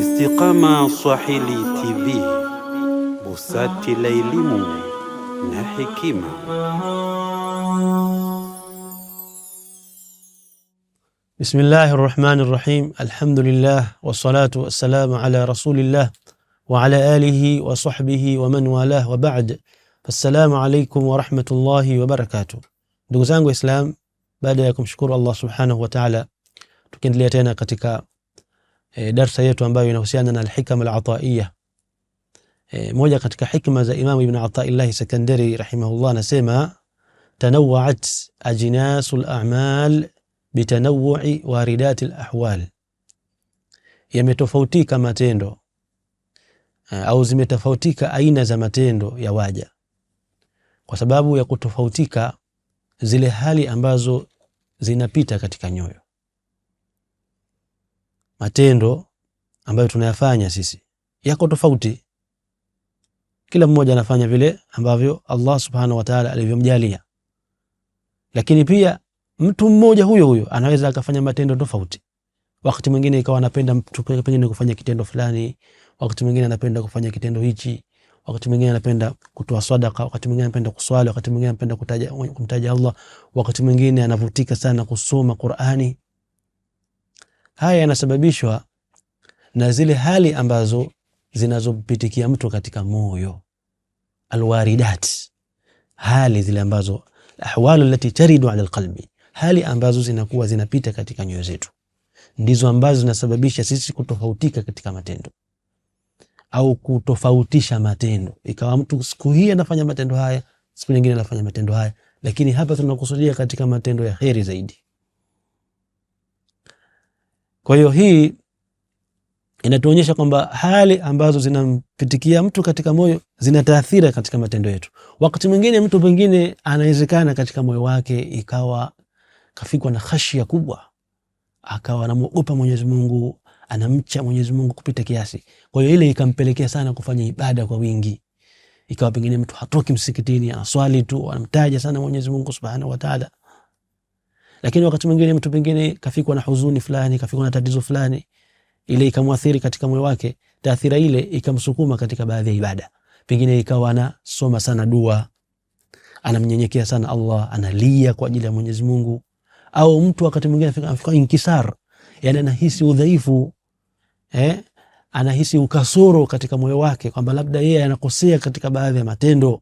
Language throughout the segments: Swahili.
Istiqama Swahili TV, busati la elimu na hekima. Bismillahi rahmani rahim. Alhamdulillah wassalatu wassalamu ala rasulillah wa ala alihi wa sahbihi wa man walah wa ba'd. Assalamu alaikum warahmatullahi wabarakatuh. Ndugu zangu Islam, baada ya kumshukuru Allah subhanahu wa ta'ala tukiendelea tena katika e, darsa yetu ambayo inahusiana na alhikam alataiya. E, moja katika hikma za Imam Ibn Athaillah Sekandari rahimahullah anasema tanawwa'at ajnasu al-a'mal bitanawwu'i waridati al-ahwal, yametofautika matendo eh, au zimetofautika aina za matendo ya waja kwa sababu ya kutofautika zile hali ambazo zinapita katika nyoyo matendo ambayo tunayafanya sisi yako tofauti. Kila mmoja anafanya vile ambavyo Allah subhanahu wa ta'ala alivyomjalia, lakini pia mtu mmoja huyo huyo anaweza akafanya matendo tofauti. Wakati mwingine ikawa anapenda mtu pengine kufanya kitendo fulani, wakati mwingine anapenda kufanya kitendo hichi, wakati mwingine anapenda kutoa sadaka, wakati mwingine anapenda kuswali, wakati mwingine anapenda kumtaja Allah, wakati mwingine anavutika sana kusoma Qur'ani Haya yanasababishwa na zile hali ambazo zinazompitikia mtu katika moyo, alwaridat, hali zile ambazo ahwalu allati taridu ala alqalbi, hali ambazo zinakuwa zinapita katika nyoyo zetu, ndizo ambazo zinasababisha sisi kutofautika katika matendo au kutofautisha matendo, ikawa mtu siku hii anafanya matendo haya, siku nyingine anafanya matendo haya, lakini hapa tunakusudia katika matendo ya heri zaidi. Kwa hiyo hii inatuonyesha kwamba hali ambazo zinampitikia mtu katika moyo zina taathira katika matendo yetu. Wakati mwingine mtu pengine anawezekana katika moyo wake ikawa kafikwa na khashia kubwa, akawa anamwogopa Mwenyezi Mungu, anamcha Mwenyezi Mungu kupita kiasi. Kwa hiyo ile ikampelekea sana kufanya ibada kwa wingi, ikawa pengine mtu hatoki msikitini, anaswali tu, anamtaja sana Mwenyezi Mungu Subhanahu wa Ta'ala. Lakini wakati mwingine mtu pengine kafikwa na huzuni fulani, kafikwa na tatizo fulani, ile ikamwathiri katika moyo wake, taathira ile ikamsukuma katika baadhi ya ibada, pengine ikawa anasoma sana dua, anamnyenyekea sana Allah, analia kwa ajili ya Mwenyezi Mungu. Au mtu wakati mwingine afika inkisar, yani anahisi udhaifu eh, anahisi ukasoro katika moyo wake kwamba labda yeye anakosea katika baadhi ya matendo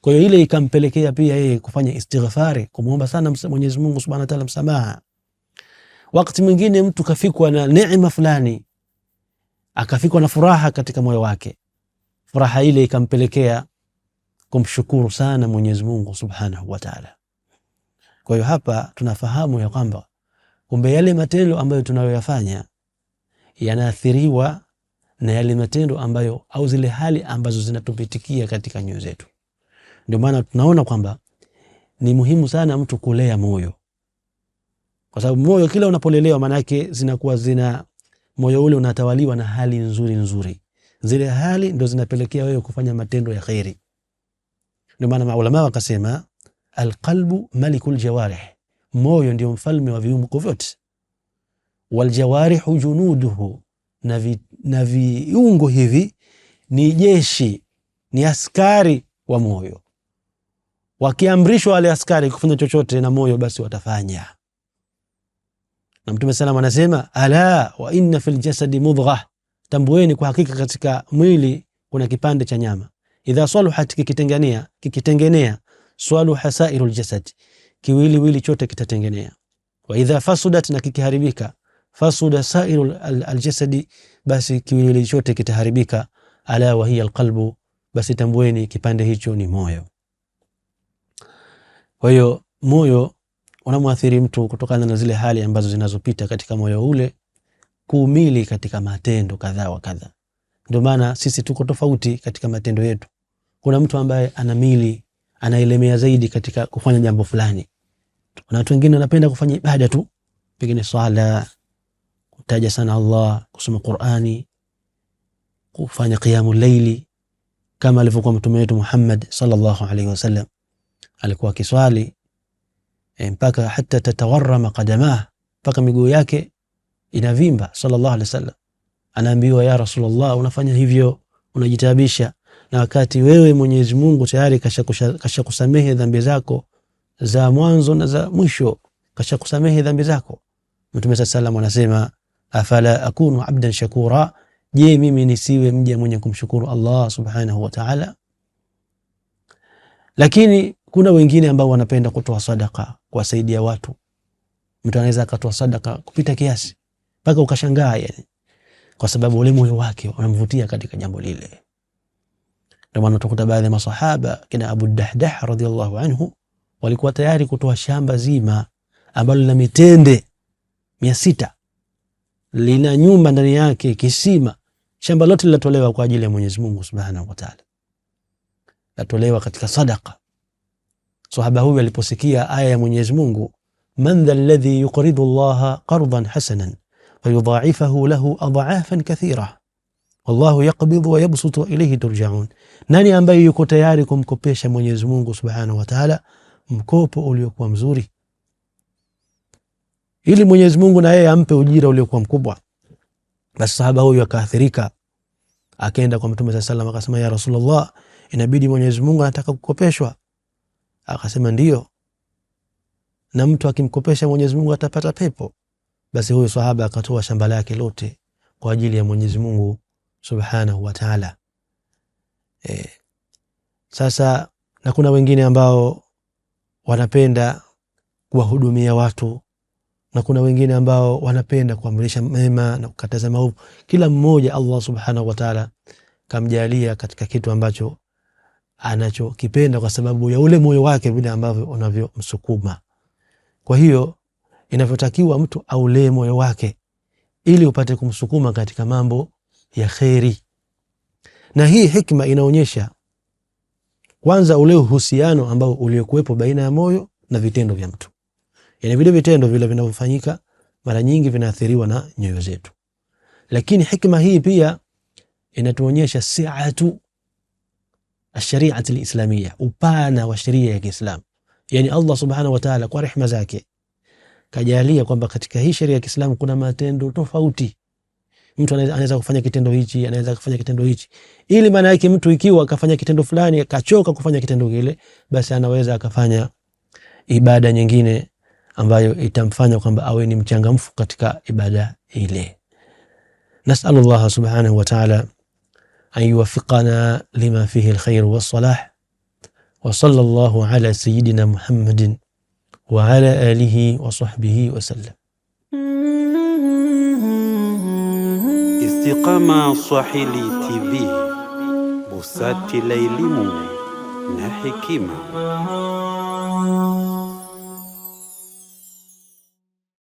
kwa hiyo ile ikampelekea pia yeye kufanya istighfari, kumwomba sana Mwenyezi Mungu Subhanahu wa Ta'ala msamaha. Wakati mwingine mtu kafikwa na neema fulani, akafikwa na furaha katika moyo wake, furaha ile ikampelekea kumshukuru sana Mwenyezi Mungu Subhanahu wa Ta'ala. Kwa hiyo hapa tunafahamu ya kwamba kumbe yale matendo ambayo tunayoyafanya yanaathiriwa na yale matendo ambayo au zile hali ambazo zinatupitikia katika nyoyo zetu. Ndio maana tunaona kwamba ni muhimu sana mtu kulea moyo, kwa sababu moyo kila unapolelewa, maana yake zinakuwa zina moyo ule unatawaliwa na hali nzuri nzuri, zile hali ndo zinapelekea wewe kufanya matendo ya kheri. Ndio maana maulama wakasema alqalbu malikul jawarih, moyo ndio mfalme wa viungo vyote, waljawarihu junuduhu, na, vi, na viungo hivi ni jeshi, ni askari wa moyo wakiamrishwa wale askari kufanya chochote na moyo, basi watafanya. Na Mtume salam anasema, ala wa inna fil jasadi mudghah, tambueni kwa hakika katika mwili kuna kipande cha nyama, idha saluhat, kikitengenea kikitengenea, saluha sairul jasad, kiwiliwili chote kitatengenea. Wa idha fasudat, na kikiharibika, fasuda sairu aljasadi, basi kiwiliwili chote kitaharibika. Ala wa hiya alqalbu, basi tambueni kipande hicho ni moyo. Kwa hiyo moyo unamwathiri mtu kutokana na zile hali ambazo zinazopita katika moyo ule, kuumili katika matendo kadha wa kadha. Ndio maana sisi tuko tofauti katika matendo yetu. Kuna mtu ambaye anamili, anaelemea zaidi katika kufanya jambo fulani. Kuna watu wengine wanapenda kufanya ibada tu, pengine swala, kutaja sana Allah, kusoma Qur'ani, kufanya qiyamul laili kama alivyokuwa mtume wetu Muhammad sallallahu alaihi wasallam alikuwa akiswali e, mpaka hata tatawarama qadamah, mpaka miguu yake inavimba. Sallallahu alaihi wasallam anaambiwa, ya Rasulullah, unafanya hivyo unajitabisha, na wakati wewe Mwenyezi Mungu tayari kashakusamehe kasha dhambi zako za mwanzo na za mwisho, kashakusamehe dhambi zako. Mtume sallallahu alaihi anasema, afala akunu abdan shakura, je, mimi nisiwe mja mwenye kumshukuru Allah subhanahu wa ta'ala? Lakini kuna wengine ambao wanapenda kutoa sadaka, kuwasaidia watu. Mtu anaweza akatoa sadaka kupita kiasi mpaka ukashangaa, yani kwa sababu ule moyo wake unamvutia katika jambo lile. Ndio maana tukuta baadhi ya masahaba kina Abu Dahdah radhiallahu anhu walikuwa tayari kutoa shamba zima ambalo lina mitende mia sita lina nyumba ndani yake, kisima, shamba lote linatolewa kwa ajili ya Mwenyezi Mungu Subhanahu wa Ta'ala, latolewa katika sadaka Sahaba huyu aliposikia aya ya Mwenyezi Mungu, man dha alladhi yuqridu Allaha qardan hasanan fayudha'ifahu lahu adha'afan kathira wallahu yaqbidu wa yabsutu ilayhi turja'un, nani ambaye yuko tayari kumkopesha Mwenyezi Mungu Subhanahu wa Ta'ala mkopo uliokuwa mzuri ili Mwenyezi Mungu na yeye ampe ujira uliokuwa mkubwa. Basi sahaba huyu akaathirika, akaenda kwa Mtume sallallahu alayhi wasallam akasema, ya Rasulullah, inabidi Mwenyezi Mungu anataka kukopeshwa Akasema ndiyo. Na mtu akimkopesha Mwenyezi Mungu atapata pepo. Basi huyu sahaba akatoa shamba lake lote kwa ajili ya Mwenyezi Mungu Subhanahu wa Ta'ala. E, sasa na kuna wengine ambao wanapenda kuwahudumia watu na kuna wengine ambao wanapenda kuamrisha mema na kukataza maovu. Kila mmoja Allah Subhanahu wa Ta'ala kamjalia katika kitu ambacho anachokipenda kwa sababu ya ule moyo wake vile ambavyo unavyomsukuma. Kwa hiyo inavyotakiwa mtu aulee moyo wake ili upate kumsukuma katika mambo ya kheri. Na hii hikma inaonyesha kwanza ule uhusiano ambao uliokuwepo baina ya moyo na vitendo vya mtu, yaani vile vitendo vile vinavyofanyika mara nyingi vinaathiriwa na nyoyo zetu, lakini hikma hii pia inatuonyesha siatu ashariati lislamia, upana wa sheria ya Kiislamu. Yani Allah subhanahu wataala kwa rehma zake kajalia kwamba katika hii sheria ya Kiislamu kuna matendo tofauti. Mtu anaweza kufanya kitendo hichi, anaweza kufanya kitendo hichi, ili maana yake mtu ikiwa akafanya kitendo fulani akachoka kufanya kitendo kile, basi anaweza akafanya ibada nyingine ambayo itamfanya kwamba awe ni mchangamfu katika ibada ile. Nasalullah subhanahu wa taala أن يوفقنا لما فيه الخير والصلاح وصلى الله على سيدنا محمد وعلى آله وصحبه وسلم Istiqamah Swahili TV, busati la elimu na hekima.